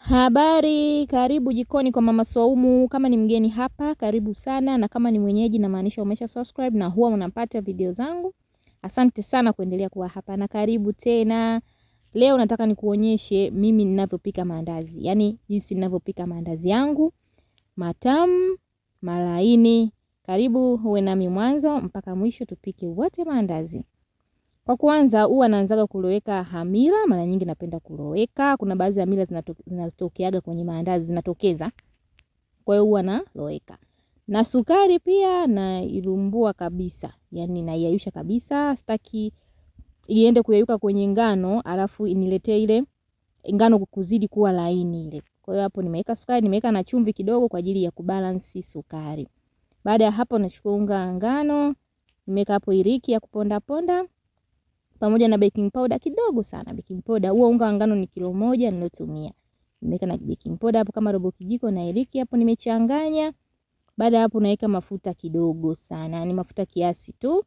Habari, karibu jikoni kwa mama Saumu. Kama ni mgeni hapa, karibu sana, na kama ni mwenyeji, namaanisha umesha subscribe na huwa unapata video zangu. Asante sana kuendelea kuwa hapa na karibu tena. Leo nataka nikuonyeshe mimi ninavyopika maandazi, yaani jinsi ninavyopika maandazi yangu matamu, malaini. Karibu uwe nami mwanzo mpaka mwisho, tupike wote maandazi. Kwa kwanza huwa naanzaga kuloweka hamira, mara nyingi napenda kuloweka, kuna baadhi ya hamira zinatokeaga kwenye maandazi zinatokeza, kwa hiyo huwa naloweka. Na sukari pia nailumbua kabisa, yani naiyayusha kabisa, sitaki iende kuyayuka kwenye ngano, alafu iniletee ile ngano kuzidi kuwa laini ile. Kwa hiyo hapo nimeweka sukari, nimeweka na chumvi kidogo kwa ajili ya kubalansi sukari. Baada ya hapo nachukua unga wa ngano, nimeweka hapo iriki ya kuponda ponda, pamoja na baking powder kidogo sana. Baking powder huo unga wa ngano ni kilo moja nilotumia. Nimeweka na baking powder hapo kama robo kijiko na iliki hapo nimechanganya. Baada hapo naweka mafuta kidogo sana, ni mafuta kiasi tu.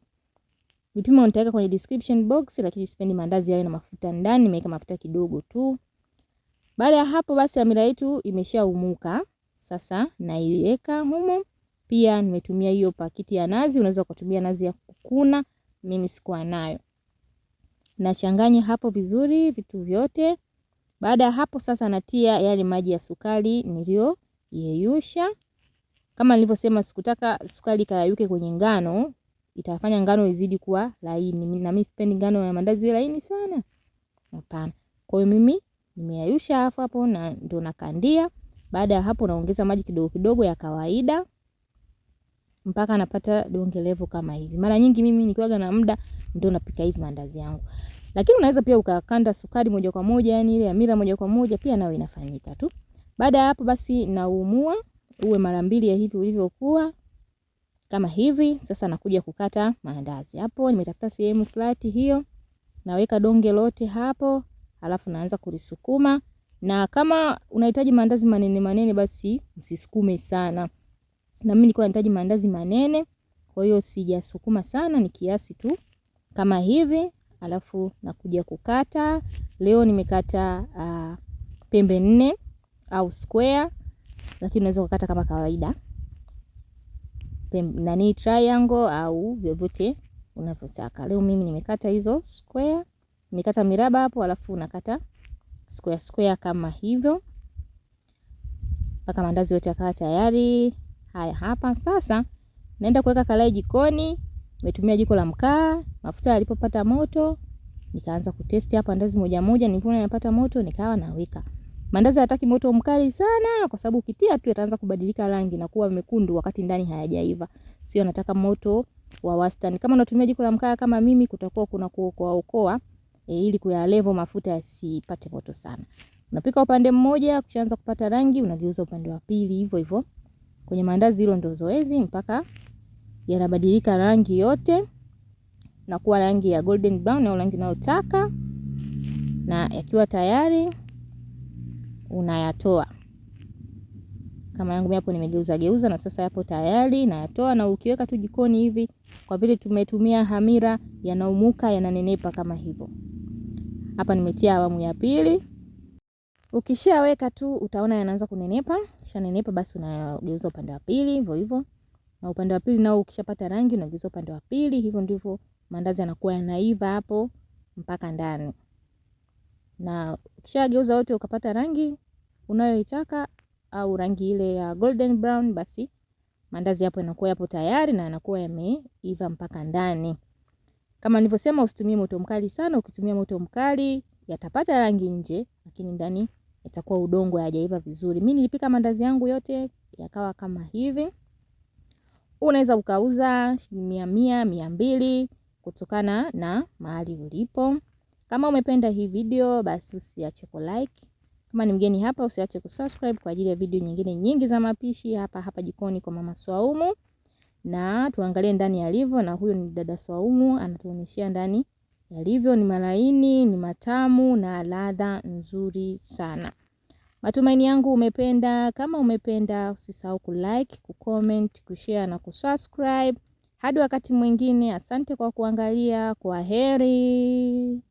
Vipimo nitaweka kwenye description box, lakini sipendi mandazi yawe na mafuta ndani, nimeweka mafuta kidogo tu. Baada ya hapo basi hamira yetu imeshaumuka. Sasa naiweka humo. Pia nimetumia hiyo pakiti ya nazi, unaweza kutumia nazi ya kukuna, mimi sikuwa nayo. Nachanganya hapo vizuri vitu vyote. Baada ya hapo sasa natia yale maji ya sukari niliyoyeyusha. Kama nilivyosema sikutaka sukari ikayayuke kwenye ngano, itafanya ngano izidi kuwa laini. Na mimi sipendi ngano ya mandazi laini sana. Hapana. Kwa hiyo mimi nimeyayusha hapo hapo na ndo nakandia. Baada ya hapo naongeza maji kidogo kidogo ya kawaida mpaka napata levo kama hivi. Mara nyingi mimi nikiwaga na muda ndio napika hivi mandazi yangu. Lakini unaweza pia ukakanda sukari moja kwa moja, yani ile hamira moja kwa moja pia nayo inafanyika tu. Baada ya hapo basi naumua uwe mara mbili ya hivi ulivyokuwa kama hivi. Sasa nakuja kukata maandazi. Hapo nimetafuta sehemu flat hiyo. Naweka donge lote hapo, alafu naanza kulisukuma. Na kama unahitaji maandazi manene manene basi msisukume sana na mimi nilikuwa nahitaji maandazi manene, kwa hiyo sijasukuma sana, ni kiasi tu kama hivi, alafu nakuja kukata. Leo nimekata uh, pembe nne au square, lakini unaweza kukata kama kawaida pembe nani triangle au vyovyote unavyotaka. Leo mimi nimekata hizo square, nimekata miraba hapo, alafu unakata square square kama hivyo mpaka maandazi yote yakawa tayari. Haya, hapa sasa naenda kuweka karai jikoni. Nimetumia jiko la mkaa, mafuta yalipopata moto nikaanza kutesti hapa ndazi moja moja, nilipoona yanapata moto nikawa naweka. Mandazi hayataki moto mkali sana kwa sababu ukitia tu yataanza kubadilika rangi na kuwa mekundu wakati ndani hayajaiva. Sio, nataka moto wa wastani. Kama unatumia jiko la mkaa kama mimi, kutakuwa kuna kuokoa okoa e, ili kuyalevo mafuta yasipate moto sana. Unapika upande mmoja, kishaanza kupata rangi, unageuza upande wa pili hivyo hivyo Kwenye maandazi hilo ndo zoezi mpaka yanabadilika rangi yote na kuwa rangi ya golden brown au rangi unayotaka, na yakiwa tayari unayatoa. Kama yangu mimi hapo nimegeuza geuza, na sasa yapo tayari nayatoa, na ukiweka tu jikoni hivi, kwa vile tumetumia hamira, yanaumuka yananenepa kama hivyo. Hapa nimetia awamu ya pili. Ukishaweka tu utaona yanaanza kunenepa, kisha nenepa basi unageuza upande wa pili hivyo hivyo. Na upande wa pili nao ukishapata rangi unageuza upande wa pili, hivyo ndivyo mandazi yanakuwa yanaiva hapo mpaka ndani. Na ukishageuza wote ukapata rangi unayoitaka au rangi ile ya golden brown, basi mandazi hapo yanakuwa yapo tayari na yanakuwa yameiva mpaka ndani. Kama nilivyosema, usitumie moto mkali sana. Ukitumia moto mkali yatapata rangi nje, lakini ndani itakuwa udongo hayajaiva vizuri. Mimi nilipika mandazi yangu yote yakawa kama hivi. Unaweza ukauza mia mia, mia mbili kutokana na mahali ulipo. Kama umependa hii video basi usiache ku like. Kama ni mgeni hapa usiache kusubscribe kwa ajili ya video nyingine nyingi za mapishi hapa hapa jikoni kwa Mama Swaumu. Na tuangalie ndani alivyo. na huyu ni dada Swaumu anatuonyeshia ndani yalivyo ni malaini, ni matamu na ladha nzuri sana. Matumaini yangu umependa. Kama umependa, usisahau kulike, kucomment, kushare na kusubscribe. Hadi wakati mwingine, asante kwa kuangalia. Kwa heri.